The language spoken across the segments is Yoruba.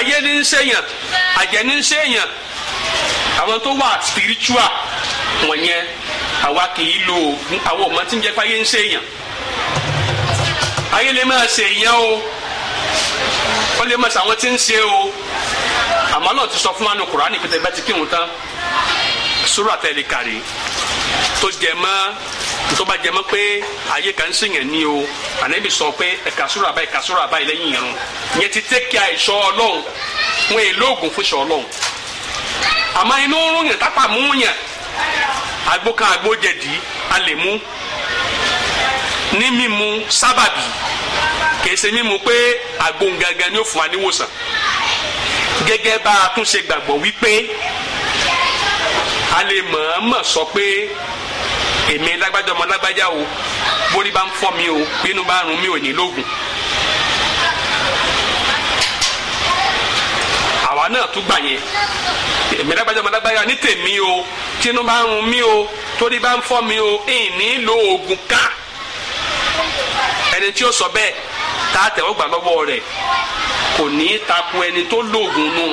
ayé ní ń ṣèyàn àjẹ́ ní ń ṣèyàn àwọn tó wà spiritual wọ̀nyẹn àwa kì í lo oògùn àwọn ọmọ tí ń jẹ́ pé ayé ń ṣèyàn ayé lè máa ṣèyàn o ó lè máa ṣàwọn tí ń ṣe o àmọ́ náà ti sọ fún wa ní Kùránì pété bá ti kírun tán sórà tẹ̀lé tó jẹ mọ́ tó bá jẹ mọ́ pé ayé kan sèyàn ní o ànábì sọ pé ẹ̀ka sóra báyìí ẹ̀ka sóra báyìí lẹ́yìn irun yẹn ti tẹ́ kí a ìṣọ́ ọlọ́run wọn èlò oògùn fún ìṣọ́ ọlọ́run àmọ́ inú rún yẹn tápà mú yẹn àgbo kan àgbo jẹ̀dí a lè mú ní mímu sábàbí kì í ṣe mímu pé àgbo gangan ni ó fún wa níwòsàn gẹ́gẹ́ bá a tún ṣe gbàgbọ́ wípé a lè mọ̀ọ́mọ̀ sọ pé èmi lágbájá ọmọ lágbájá o bórí bá ń fọ́ mi o bínú bá ń rún mi ò ní lóògùn. àwa náà tún gbà yẹn èmi lágbájá ọmọ lágbájá ní tèmi o tínú bá ń rún mi o torí bá ń fọ́ mi o ìní lo oògùn ká ẹni tí ó sọ bẹ́ẹ̀ tá a tẹ̀wọ́ gbà lọ́wọ́ rẹ̀ kò ní í takun ẹni tó lóògùn nù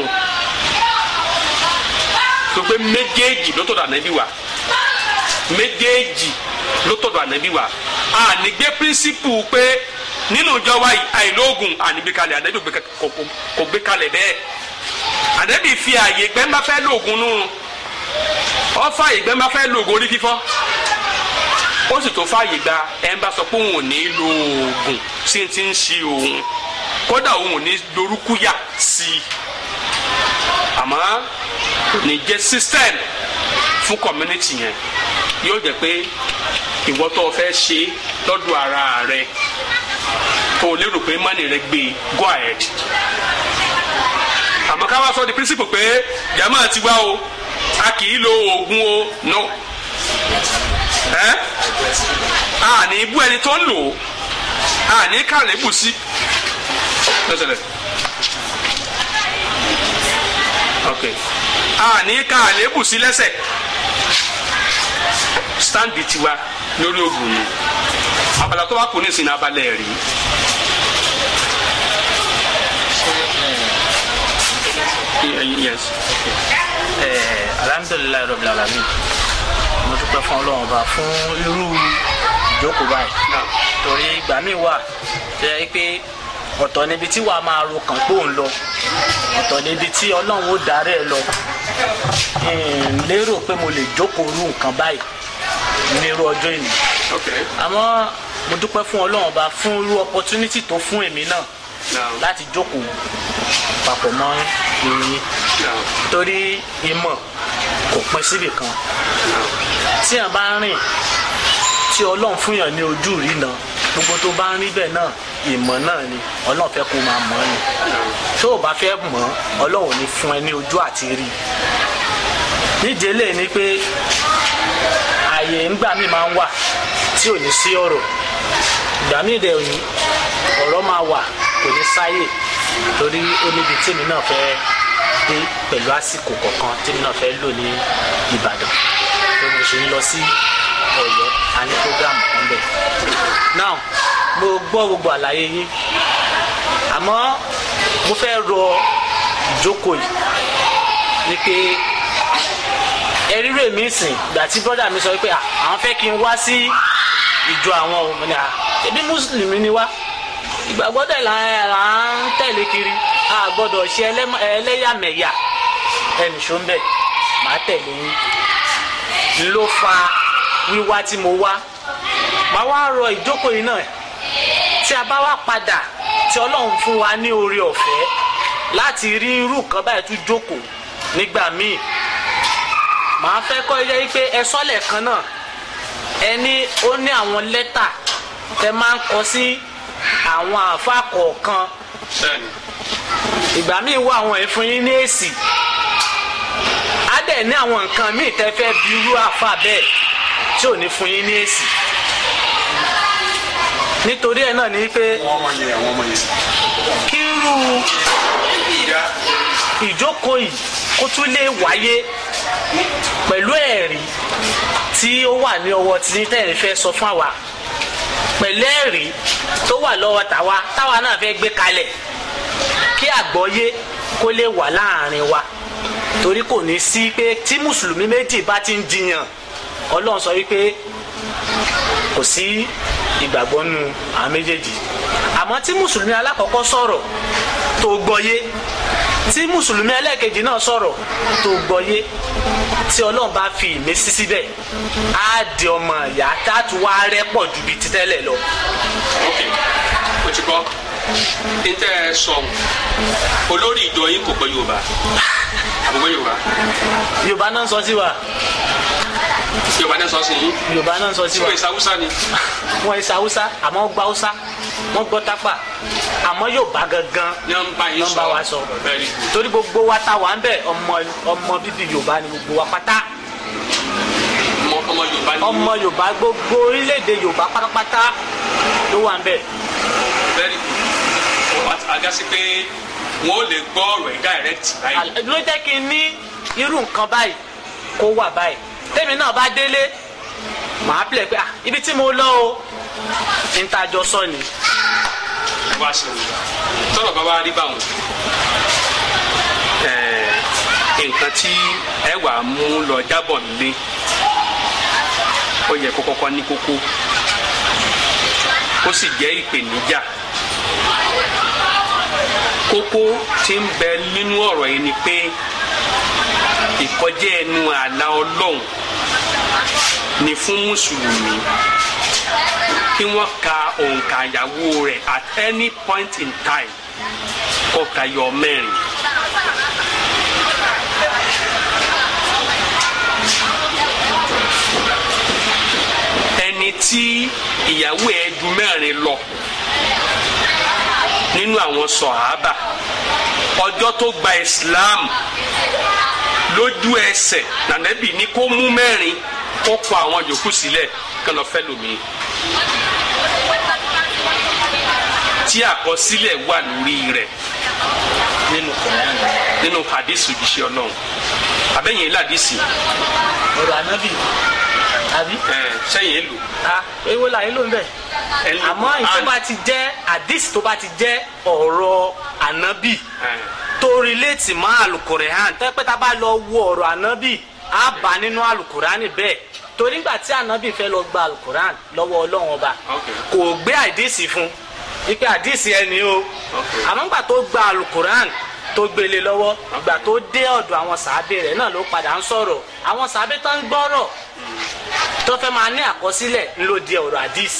tó pé méjèèjì ló tó dà níbí wa méjèèjì ló tọ̀dọ̀ ànábì wa ànígbé píríncípù pé nínú ìjọ wa yìí àìlóògùn ànígbé kalẹ̀ ànábì kò gbé kalẹ̀ bẹ́ẹ̀ ànábì fi àyè gbẹ́ má fẹ́ lóògùn nù ọ fàyè gbẹ́ má fẹ́ lóògùn orí fífọ́ ó sì tó fàyè gba ẹ̀ ń sọ pé òun ò ní lo sí ti ń ṣe òun kódà òun ò ní dorúkúyà sí i àmọ́ ní jẹ́ system fún community yẹn yóò jẹ́ pé ìwọ tó o fẹ́ ṣe lọ́dọ̀ ara rẹ o lérò pé mánì rẹ gbé go ahead àmọ́ ká wá sọ di principle pé jama ti wá o a kì í lo oògùn o no ẹ a ní bú ẹni tó ń lò a ní kàlẹ́ bù sí lọ́sẹ̀lẹ̀ ok a ní kàlẹ́ bù sí lẹ́sẹ̀ stand tiwa lórí oògùn yẹn abala tó bá kù ní ìsìn abalẹ̀ rí. Eh, alhamdulilayi rabil alamin mo dúpẹ́ fún ọlọ́run ọba fún irú ìjókòó báyìí torí ìgbà míì wà tó yẹ pé ọ̀tọ̀ níbi tí wàá máa ro kàn pò ń lọ ọ̀tọ̀ níbi tí ọlọ́run ó darí ẹ lọ lérò pé mo lè jókòó rú nǹkan báyìí ní irú ọjọ́ ìní àmọ́ mo dúpẹ́ fún ọlọ́run ọba fún irú opportunity tó fún èmi náà láti jókòó papọ̀ mọ́ ìròyìn torí ìmọ̀ kò pín síbì kan tí a bá rìn tí ọlọ́run fún yàn ní ojú rí náà gbogbo tó bá ń rí bẹ́ẹ̀ náà ìmọ̀ náà ni ọlọ́run fẹ́ kó máa mọ̀ ni tó o bá fẹ́ mọ̀ ọlọ́run ò ní fún ẹ ní ojú àti rí nídìí eléyìí ni pé àlàyé ńgbà míì máa ń wà tí ò ní sí ọ̀rọ̀ ìgbà míì dẹ̀ òní ọ̀rọ̀ máa wà kò ní sáyè torí ó níbi tèmi náà fẹ́ dé pẹ̀lú àsìkò kọ̀ọ̀kan tèmi náà fẹ́ lò ní Ìbàdàn tó mo ṣe ń lọ sí Ọ̀yọ́ a program kan now mo gbọ́ gbogbo àlàyé yín àmọ́ mo fẹ́ rọ ìjókòó yìí ni pé ẹrírò èmi sìn gbà tí brọ́dà mi sọ pé ah, àwọn fẹ́ kí n wá sí ìjọ àwọn ọmọ ni ẹbí ah, mùsùlùmí ni wá ìgbàgbọ́ dẹ̀ là ń tẹ̀lé kiri a gbọ́dọ̀ ṣe ẹlẹ́yàmẹ̀yà ẹnì ṣó ń bẹ̀ màá tẹ̀lé yín ló fa wíwá tí mo wá màá wá rọ ìjókòó yìí náà tí a bá wá padà tí ọlọ́run fún wa ní oore ọ̀fẹ́ láti rí irú kan báyìí tún jókòó nígbà míì màá fẹ́ kọ́ ilé yìí pé ẹ sọ́lẹ̀ kan náà ẹ ní ó ní àwọn lẹ́tà tẹ máa ń kọ sí àwọn àáfàá kọ̀ọ̀kan ìgbà míì wá àwọn ìfún yín ní èsì á dẹ̀ ní àwọn nǹkan míì tẹ fẹ́ bí irú àáfàá bẹ́ẹ̀ tí ò ní fún yín ní èsì nítorí ẹ náà ni pé kírú ìjókòó yìí kó tún lè wáyé pẹ̀lú ẹ̀rí tí ó wà ní ọwọ́ tí tẹ̀yìn fẹ́ sọ fún àwa pẹ̀lú ẹ̀rí tó wà lọ́wọ́ tàwa táwa náà fẹ́ gbé kalẹ̀ kí àgbọ́yé kó lè wà láàrin wa torí kò ní sí pé tí mùsùlùmí méjì bá ti ń jiyàn ọlọ́run sọ wípé kò sí ìgbàgbọ́ nu àwọn méjèèjì àmọ́ tí mùsùlùmí alákọ̀ọ́kọ́ sọ̀rọ̀ tó gbọ́yé tí mùsùlùmí ẹlẹ́ẹ̀kejì náà sọ̀rọ̀ tó gbọ́yé tí ọlọ́run bá fi ìmísí síbẹ̀ á di ọmọ ìyá táàtù wá rẹ́ pọ̀ ju bíi ti lọ. ok o ti gbọ́ ní tẹ́ ẹ sọ̀hún olórí ìjọ yín kò gbọ́ yorùbá àbúgbọ́ yorùbá. yorùbá náà sọ sí wa yorùbá náà sọ sí yín yorùbá náà sọ sí wa sípò ìsàwùsà ni. wọn ìsàwùsà àmọ́ gba hausa wọn gbọ́ tápà àmọ́ yorùbá gangan nọ́mbà wa sọ torí gbogbo wa ta wà ń bẹ ọmọ bíbí yorùbá ni gbogbo wa pátá ọmọ yorùbá gbogbo orílẹ̀-èdè yorùbá pátápátá ló wà ń bẹ. very good agasi pé wọn ò lè gbọ́ ọ̀rọ̀ ẹ̀ direct báyìí. ló jẹ́ kí n ní irú nǹkan báyìí kó wà báyìí. tẹ́mi náà bá délé màá pilẹ̀ pé ah, ibi tí mo lọ o ń tajọ sọ ni. bá a ṣe wò tọrọ bá wá rí báwọn nǹkan tí ẹ wà á mú lọ jábọ̀ nílé ó yẹ kọ́kọ́kọ́ ní kókó ó sì jẹ́ ìpèníjà kókó tí ń bẹ nínú ọ̀rọ̀ yìí ni pé. ìkọjá ẹnu àlà ọlọ́run ni fún mùsùlùmí kí wọ́n ka òǹkà ìyàwó rẹ̀ at any point in time kọ́ka yọ mẹ́rin. ẹni tí ìyàwó ẹ̀ ju mẹ́rin lọ nínú àwọn sọ̀hábà ọjọ́ tó gba Islam lójú ẹsẹ̀ nànẹ́bì ní kó mú mẹ́rin kó kọ àwọn yòókù sílẹ̀ kán lọ fẹ́ lómi. tí àkọsílẹ̀ wà lórí rẹ̀ nínú nínú hadisi òjíṣẹ́ ọlọ́run àbẹ́yìn ilé hadisi. ọ̀rọ̀ ànábì àbí. ẹ sẹ́yìn èlò. ah ewo la elo ń bẹ̀. àmọ́ ìtọ́ bá ti jẹ́ hadisi tó bá ti jẹ́ ọ̀rọ̀ ànábì tó relate mọ́ alukorehan tẹ́ pé tá a bá lọ wo ọ̀rọ̀ ànábì á bá nínú alukorani bẹ́ẹ̀ torí gbà tí ànábì fẹ́ lọ gba alukoran lọ́wọ́ ọlọ́run ọba kò gbé àdìsí fún ipe àdìsí ẹni o àmọ́ gbà tó gba alukoran tó gbélé lọ́wọ́ ìgbà tó dé ọ̀dọ̀ àwọn sàábé rẹ̀ náà ló padà ń sọ̀rọ̀ àwọn sàábé tó ń gbọ́rọ̀ tó fẹ́ máa ní àkọsílẹ̀ ńlò di ọ̀rọ̀ àdìs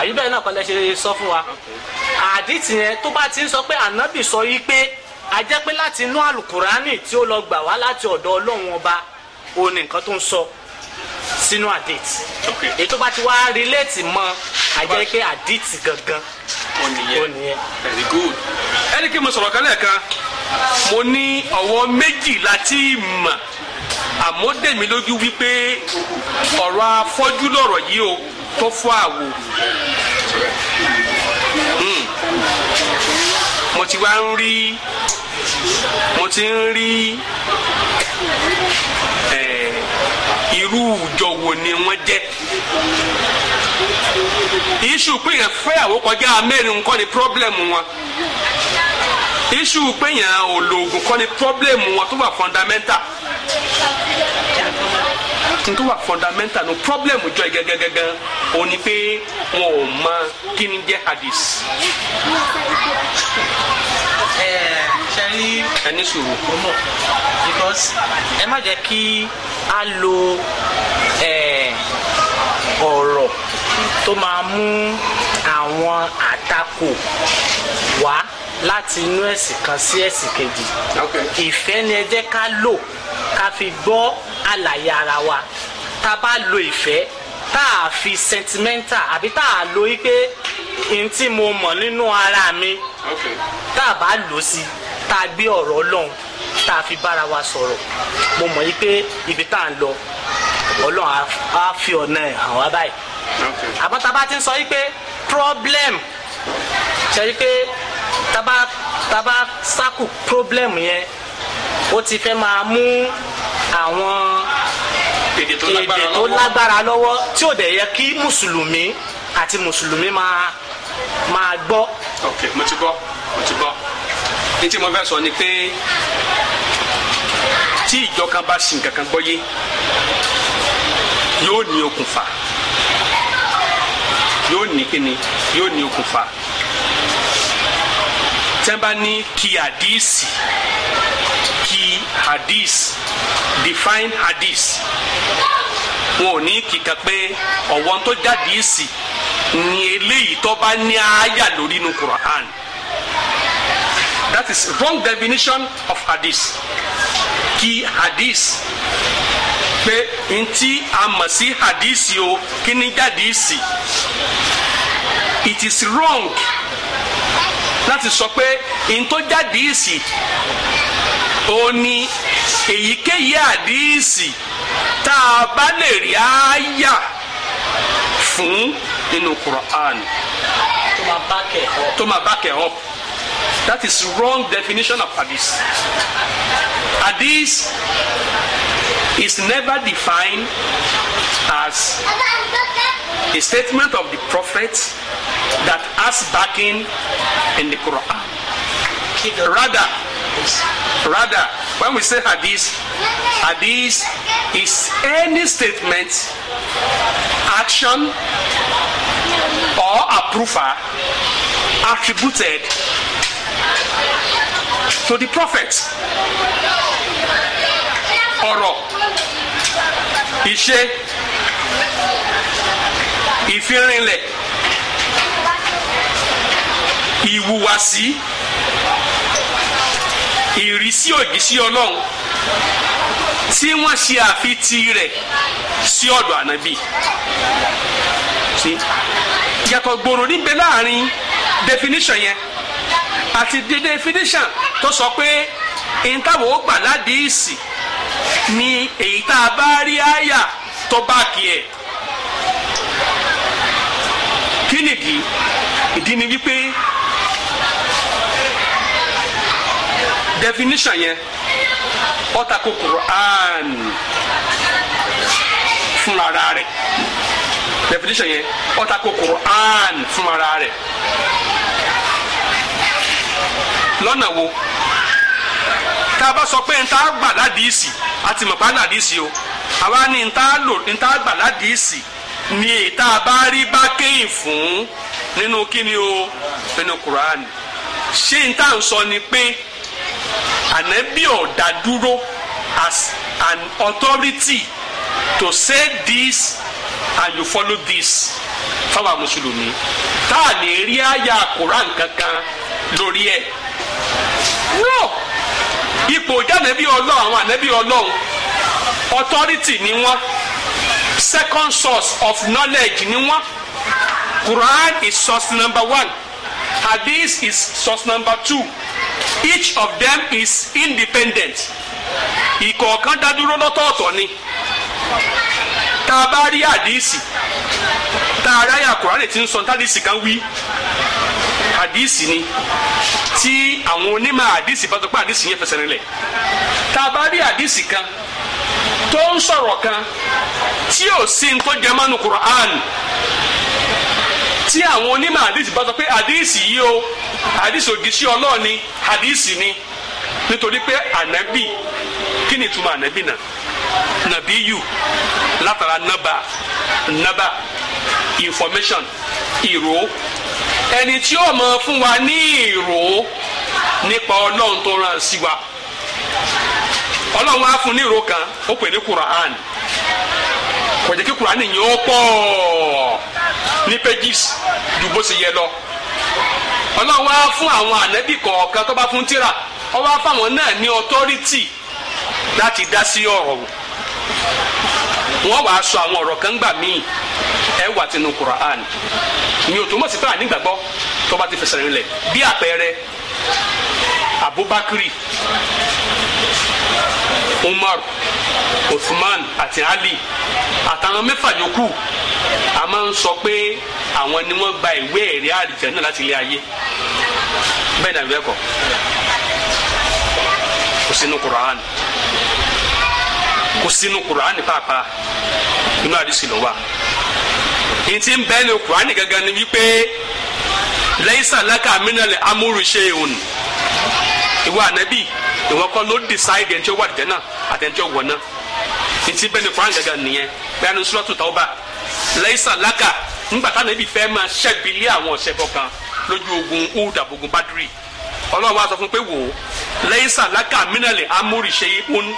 àyíbẹ̀ náà kọ́lẹ́ ṣe sọ fún wa àdìs yẹn tó bá ti ń sọ pé ànábì sọ yí pé a jẹ́ pé láti inú alukurani tí ó lọ gbà wá láti ọ̀dọ̀ ọlọ́run ọba òun ni nǹkan tó ń sọ sínú àdìtì èyí tó bá ti wá rìlẹ́ẹ̀tì mọ́ a jẹ́ pé àdìtì gangan ó nìyẹn. ẹni kí mo sọ̀rọ̀ kan lẹ́ẹ̀kan mo ní ọ̀wọ́ méjì láti mọ̀ àmọ́ wípé ọ̀rọ̀ afọ́jú lọ̀rọ̀ yìí o tó fọ́ àwò mo ti wá ń rí mo ti ń rí irú ìjọ wo ni wọ́n jẹ́ iṣu pé yẹn fẹ́yàwó kọjá mẹ́rin kọ́ ni pírọ́blẹ̀mù wọn iṣu pé yẹn ò lo oògùn kọ́ ni pírọ́blẹ̀mù wọn tó wà fọ́ndámẹ́ntà tí tó wà fundamental nu problem jọ gẹ́gẹ́gẹ́gẹ́ o ni pé wọn ò mọ kí ni jẹ́ hadith. sẹ́ni ẹni sùúrù ó mọ̀ because ẹ má jẹ́ kí a lo ọ̀rọ̀ tó máa mú àwọn àtakò wá láti inú ẹ̀sìn kan sí ẹ̀sìn kejì ìfẹ́ ni ẹ jẹ́ ká lò ká fi gbọ́ àlàyé ara wa tá a bá lo ìfẹ́ tá a fi sentimental àbí tá a lo yí pé n tí mo mọ̀ nínú ara mi tá a bá lò sí tá a gbé ọ̀rọ̀ ọlọ́run tá a fi bára wa sọ̀rọ̀ mo mọ̀ yí pé ibi tá a ń lọ ọlọ́run á fi ọ̀nà ẹ̀ hàn wá báyìí àmọ́ tá a bá ti ń sọ yí pé problem ṣe yí pé taba taba sáku problem yẹn ó ti fẹ́ máa mú àwọn èdè tó lágbára lọ́wọ́ tí ò dẹ̀ yẹ kí mùsùlùmí àti mùsùlùmí ma ma gbọ́. ok mo ti gbọ́ mo ti gbọ́ ní tí mo fẹ́ sọ ni pé tí ìjọ kan bá sin kankan gbọ́ yé yóò ní okùnfà yóò ní kíni yóò ní okùnfà tẹ́nba ní kí hadisi kí hadis define hadis wọn ò ní kíkà pé ọ̀wọ́n tó jáde sí ni eléyìí tó bá ní àyà lórí inú Quran that is wrong definition of hadis kí hadis pé ntí a mọ̀ sí hadisi o kí ni jáde sí it is wrong láti sọ pé ntọ́jà díìsì ó ní èyíkéyìí àdíìsì tá a bá lè rí àáyà fún nínú Quran tó máa back it up that is wrong definition of hadith hadith is never defined as a statement of the prophet that has backing in the Quran. Rather, rather, when we say hadith, hadith is any statement, action, or approval attributed to the prophet. Ọ̀rọ̀, ìṣe, ìfirinlẹ̀. ìwùwàsí ìrísí òjísí ọlọ́run tí wọ́n ṣe àfitì rẹ̀ sí ọ̀dọ̀ ànábì yàtọ̀ gbòòrò níbẹ̀ láàrin definition yẹn àti the definition tó sọ pé èyí táwọn ó gbà ládìísì ni èyí tá a bá rí àyà tó bá kí ẹ kí nìdí ìdí ni wípé. definition yẹn ó tako Quran fún ara rẹ̀ definition yẹn ó tako Quran fún ara rẹ̀ lọ́nà wo tá a bá sọ pé nta gbà ládìísì a ti ládìísì o àwa ni nta lò nta gbà ládìísì ni ètà bá rí bá kéyìn fún nínú kíni o nínú Quran ṣé nta ń sọ ni pé. Ànábì ò dá dúró as an authority to say this and you follow this fáwọn mùsùlùmí tá a lè rí àyà Quran kankan lórí ẹ̀ no ipò jànẹ́bí ọlọ́run àwọn ànẹ́bí ọlọ́run authority ni wọ́n second source of knowledge ni wọ́n Quran is source number one. Hadith is source number two. Each of them is independent. Ìkọ̀ọ̀kan dádúró lọ́tọ̀ọ̀tọ̀ ni. Tá a bá rí hadisi, tá a ráyà Kùránì tí ń sọ tádìsì kan wí. Hadisi ni tí àwọn onímọ̀ hadisi bá sọ pé hadisi yẹn fẹsẹ̀ rinlẹ̀. Tá a bá rí hadisi kan tó ń sọ̀rọ̀ kan tí ò sí ń tó mọ́nu Kùránì tí àwọn onímọ̀ àdìsí bá sọ pé àdìsí yìí o àdìsí ògìṣẹ́ ọlọ́ọ̀ ni àdìsí ni nítorí pé ànábì kí ni ìtumọ̀ ànábì náà nàbíyù látara nàbà nàbà information ìró ẹni tí ó mọ fún wa ní ìró nípa ọlọ́run tó rán sí wa ọlọ́run á fún ní ìró kan ó pè ní Quran kò jẹ́ kí Quran yẹn ó pọ̀ ní gifts ju bó ṣe yẹ lọ ọlọ́run wá fún àwọn ànábì kọ̀ọ̀kan tó bá fún tírà wọ́n wá fáwọn náà ní authority láti dá sí ọ̀rọ̀ wọn wàá sọ àwọn ọ̀rọ̀ kan gbà míì ẹ wà tinú Quran mi ò tó mọ̀ sí pé ànígbàgbọ́ tó bá ti fẹsẹ̀ rinlẹ̀ bí àpẹẹrẹ Abubakar umar usman àti ali àtàwọn mẹ́fà a máa ń sọ pé àwọn ni wọ́n gba ìwé ẹ̀rí àrìjẹ náà láti ilé ayé bẹ́ẹ̀ náà bẹ́ẹ̀ kọ́ kò sínú Qur'an kò sínú Qur'an pàápàá inú àdìsí ló wà ntí ń bẹ́ẹ̀ ni Qur'an gangan ni wípé laisa laka minal amúrúṣe òun ìwọ ànábì ìwọ kọ́ ló dìsáìdì ẹ̀ tí ó wà dìde àtẹnjọ́ wọ̀ ná ntí bẹ́ẹ̀ ni kuran gẹ́gẹ́ nìyẹn bẹ́ẹ̀ ni suratu tauba laisa laka ńgbà táwọn ibi fẹ́ máa ṣẹ́bílẹ̀ àwọn ọ̀ṣẹ́bọ̀ kan lójú ogun udabogun badiri ọlọ́run wa sọ fún pé wò ó laisa laka mínàlẹ̀ amúrì ṣe ń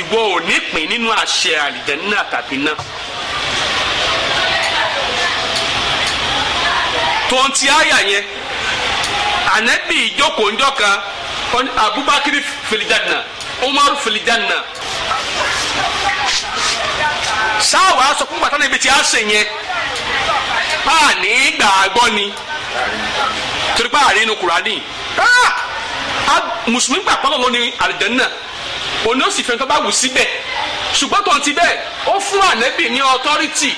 ìwọ ò ní pín nínú àṣẹ àlìjẹ́nà tàbí náà. tó ń ti àyà yẹn ànẹ́bì ìjókòó ńjọ́ kan kɔni abubakar filijanna umaru filijanna sáà wàá sọ fún bàtà níbi tí a sè yẹn paani gbàgbọ́ ni torí pa àárín inú kurani mùsùlùmí gbà pọ́nlọ́ ló ní àlìjẹ́nà òní ó sì fẹ́ tó bá wù síbẹ̀ ṣùgbọ́n tó ń ti bẹ́ẹ̀ ó fún ànẹ́bì ní ọtọ́rìtì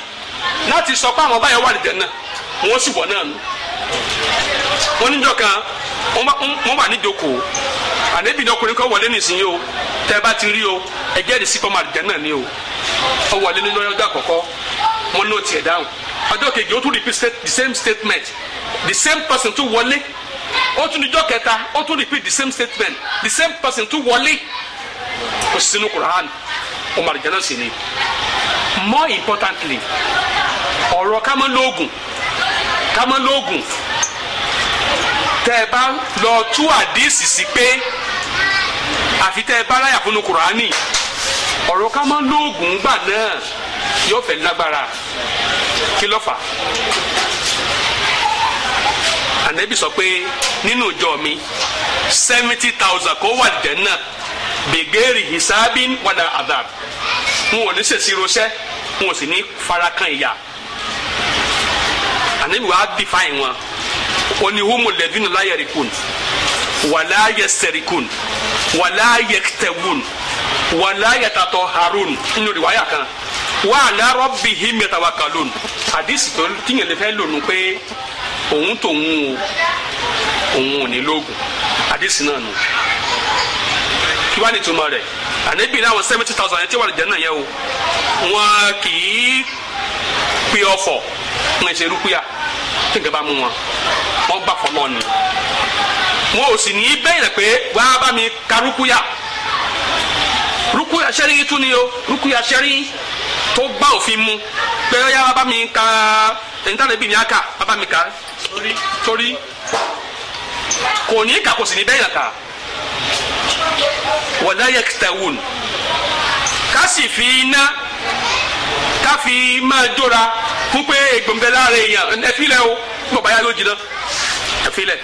láti sọ pé àwọn báyọ̀ wà àlìjẹ́nà wọ́n sì wọ̀ náà nù. wọ́n kan wọ́n wà níjókòó ànábì ní ọkùnrin kan wọlé nìsín yìí o tẹ́ ẹ ti rí o ẹ jẹ́rìí sí fọmọ àdìjẹ́ ni o ọ wọlé nínú ọjọ́ àkọ́kọ́ mo náà tiẹ̀ dáhùn ọjọ́ kejì ó tún repeat the same statement the same person tún wọlé ó tún níjọ́ kẹta ó tún repeat the same statement the same person tún wọlé kò sí Quran ọmọ àdìjẹ́ náà sì ni more importantly ọ̀rọ̀ ká má lóògùn ká má lóògùn tẹ́ ẹ bá lọ tú àdíìsì sí pé àfi tẹ́ ẹ bá láyà fúnnu kùránì ọ̀rọ̀ ká máa lóògùn gbà náà yóò fẹ́ lágbára kí ló ànẹ́bí sọ pé nínú ìjọ mi seventy thousand kó wà dẹ́ náà bègéèrè hisabin wàdà adab n ò ní sèṣì roṣẹ́ n ò sì ní farakan ìyà ànẹ́bí wàá bí fáyìn wọn ó ní humu lẹ́dínú láyẹ̀ rìkún wàlá yẹ sẹ̀rìkún wàlá yẹ tẹ̀wún wàlá yẹ tatọ̀ harun nínú ìwáyà kan wà á lárọ́ bí him yẹ tàwa kàlón àdìsí tó tíyẹn lè fẹ́ lónìí pé òun tòun o òun ò ní lóògùn àdìsí náà nù kí wàá ní ìtumọ̀ rẹ̀ ànábì náà wọn seventy thousand ẹni tí wàá lè jẹ́ náà yẹ o wọn kì í pé ọ̀fọ̀ wọn ṣe rúkúyà kí n kẹ́ bá mú wọn wọ́n gbà fọlọ́ ni wọn ò sì ní í bẹ́yìn pé wàá bá mi ka rúkúyà rúkúyà sẹ́rí tún ni o rúkúyà sẹ́rí tó bá òfin mu pé ó yá bá mi ka ẹ̀ńtánẹ́bì mi á kà wàá bá mi kà torí kò ní kà kò sì ní bẹ́yìn kà wala yaktawun ká sì fi iná ká fi máa jóra fún pé egbòǹgbẹ láàrin èèyàn ẹ fi lẹ o bàbá yá ló jìnnà. Ah, fi lẹ̀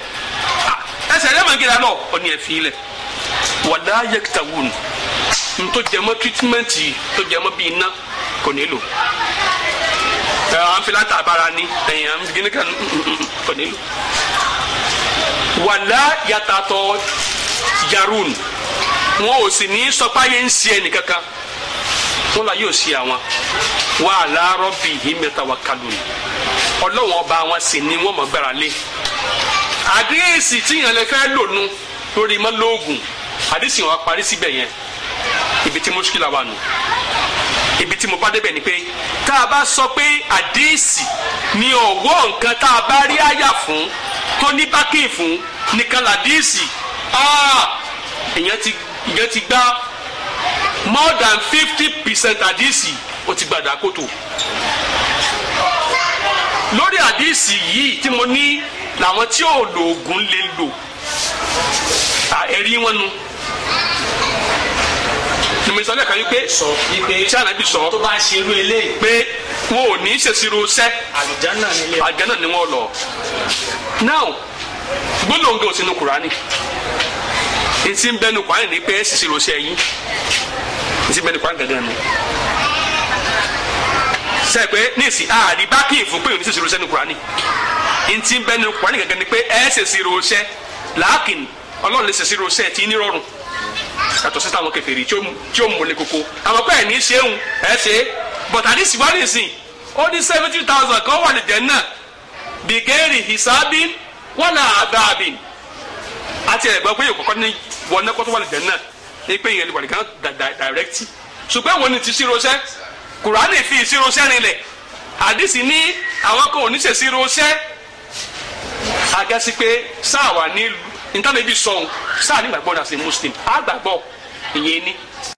ẹsẹ̀ ẹ̀rẹ́ màá gíga náà ọ̀ni ẹ̀ fi lẹ̀ wàlá yẹkítàwùn ntó jẹmọ́ tírítímẹ́ǹtì tó jẹmọ́ bíi iná kò nílò ẹ̀hán fìlà tàbára ni ẹ̀yàn gíní kan mm, mm, mm, kò nílò wàlá yàtàtọ̀ yarun wọn ò sì ní sọpáyé ń si ẹnìkankan wọn la yóò si àwọn wa ala rabbihim yatawakkalun ọlọ́wọ́n ọba wọn sì ni wọ́n mọ̀ gbára lé àdéhèsì tíyàn lè fẹ́ lò lórí mọ́lóògùn àdéhèsì wọn parí síbẹ̀ yẹn ibi tí mọ́ṣúkìlà wà nù ibi tí mo bá débẹ̀ ni pé tá a bá sọ pé àdéhìsì ni ọ̀wọ́ nǹkan tá a bá rí àyà fún tó ní bákìn fún nìkan làdéhìsì èèyàn ah! ti èèyàn ti gbá more than fifty percent àdéhìsì ó ti gbàdá kótó lórí àdéhìsì yìí tí mo ní làwọn tí ò lo oògùn lè lò ẹ̀rí wọn nu nùmísọ́lẹ̀ kan wípé sọ wípé tí ànábì sọ tó bá ṣe irú eléyìí pé wọn ò ní ṣèṣirò sẹ́ àlùjánà nílé àlùjánà ni wọ́n lọ. now gbólóńgé ò sínú kùránì ntí ń bẹnu kùránì ní pé ṣèṣirò sẹ́ yín ntí ń bẹnu kùránì gàgán ni sẹ́ pé ní ìsìn àríbá kí ìfún pé ò ní ṣèṣirò sẹ́nu kùránì ntí bẹ́ẹ̀ ni kùránì gẹ́gẹ́ ni pé ẹ ṣèṣì ròṣẹ́ làákìn ọlọ́run lè ṣèṣì ròṣẹ́ tí ní rọrùn yàtọ̀ sí táwọn kèfèrí tí ó múlẹ̀ koko àwọn pẹ́ẹ́ ní ṣéun ẹ ṣe bọ̀tà ní síwájú sí ó ní seventy thousand kan wà ní jẹ́nà bìgẹ́rì hisabin wàlà àdáàbin àti ẹ̀gbọ́n pé òkùnkọ́ ní wọnà kọ́tù wà ní jẹ́nà ní pé ìyẹn lè wà ní kan dàrẹ́kítì ṣùgbọ́n wọn ni ti ṣíròṣẹ́ kùránì fi ìṣíròṣẹ́ rinlẹ̀ àdìsí ní àwọn kan ò ní ṣèṣíròṣẹ́ agẹ́sí pé sáà wà nílùú nítorí ibi sọ̀hún sáà nígbàgbọ́ náà ṣe muslim àgbàgbọ́ ìyẹn ni